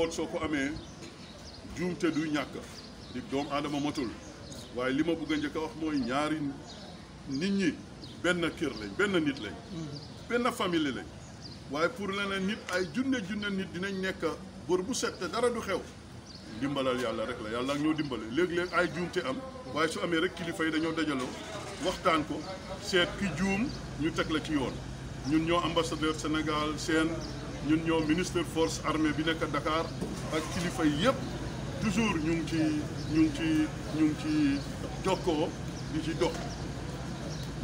njaboot soo ko amee juumte du ñàkk di doom aadama matul waaye li ma bëgg a njëkk a wax mooy ñaari nit ñi benn kër lañ benn nit lañ benn famille lañ waaye pour leneen nit ay junne junne nit dinañ nekk bër bu set te dara du xew dimbalal yàlla rek la yàlla ak ñoo dimbale léeg-léeg ay juumte am waaye su amee rek kilifa yi dañoo dajaloo waxtaan ko seet ki juum ñu teg la ci yoon ñun ñoo ambassadeur senegal seen ñun ñoo ministre force armée bi nekk dakaar ak kilifa yëpp toujours ñu ngi ci ñu ngi ci ñu ngi ci jokkoo di ci dox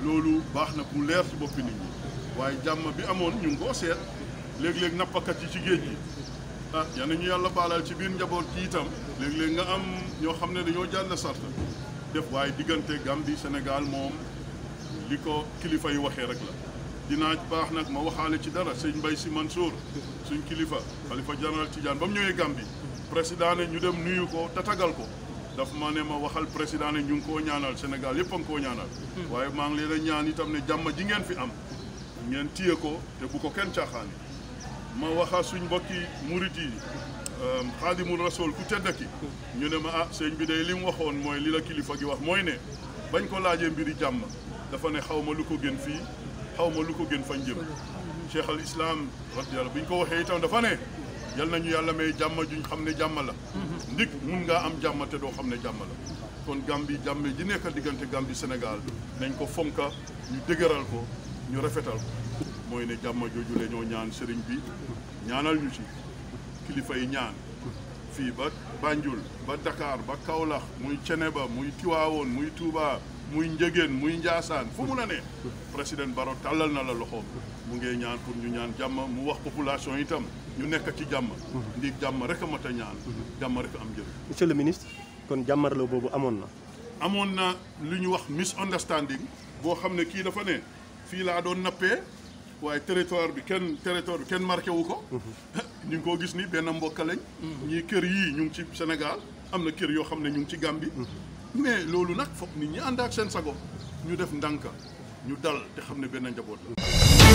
loolu baax na bu leer ci boppi nit ñi waaye jàmm bi amoon ñu ngi seet léeg-léeg nappakat yi ci géej gi ah yal na ñu yàlla baalal ci biir njaboot ci itam léeg-léeg nga am ñoo xam ne dañoo jàll sart def waaye diggante Gambie Sénégal moom li ko kilifa yi waxee rek la dinaa baax nag ma waxaale ci dara sëñ Mbaye Sy Mansour suñ kilifa xalifa général Tidiane ba mu ñëwee Gambie président ñu dem nuyu ko tatagal ko daf ma ne ma waxal président ne ñu ngi ñaanal Sénégal yëpp a ngi koo ñaanal waaye maa ngi leen a ñaan itam ne jàmm ji ngeen fi am ngeen téye ko te bu ko kenn caaxaani ma waxa suñ mbokki murit yi euh, xaadimul rasool ku tedd ki ñu ne ma ah sëñ bi day li mu waxoon mooy li la kilifa ji wax mooy ne bañ ko laajee mbiri jàmm dafa ne xaw ma lu ko gën fii xaw ma lu ko gën fañ jëm cheikh al islam bu ñu ko waxee itam dafa ne yal nañu yàlla may jàmm juñ xam ne jàmm la ndik mun nga am jàmm te doo xam ne jàmm la kon Gambie jàmm ji nekk diggante Gambie Sénégal nañ ko fonka ñu dëgëral ko ñu rafetal ko mooy ne jàmm jooju la ñoo ñaan sëriñ bi ñaanal ñu ci kilifa ñaan fii ba Banjul ba dakaar ba Kaolack muy Ceneba muy Tiwaawoon muy Touba muy njegeen muy Njaasaan fu mun a ne président Baro tàllal na la loxoom mu ngee ñaan pour ñu ñaan jàmm mu wax population itam ñu nekk ci jàmm ndi jàmm rek a mat a ñaan jàmm rek am njëriñ monsieur le ministre kon jàmmarloo boobu amoon na amoon na lu ñu wax misunderstanding boo xam ne kii dafa ne fii laa doon nappee waaye territoire bi kenn territoire bi kenn marqué wu ko mhm. ñu ngi koo gis ni benn mbokk mhm. ñii kër yii ñu ngi ci Sénégal am na kër yoo xam ne ñu ngi ci Gambie mhm. mais loolu nag foog nit ñi ànd ak seen sago ñu def ndànk ñu dal te xam ne benn njaboot la.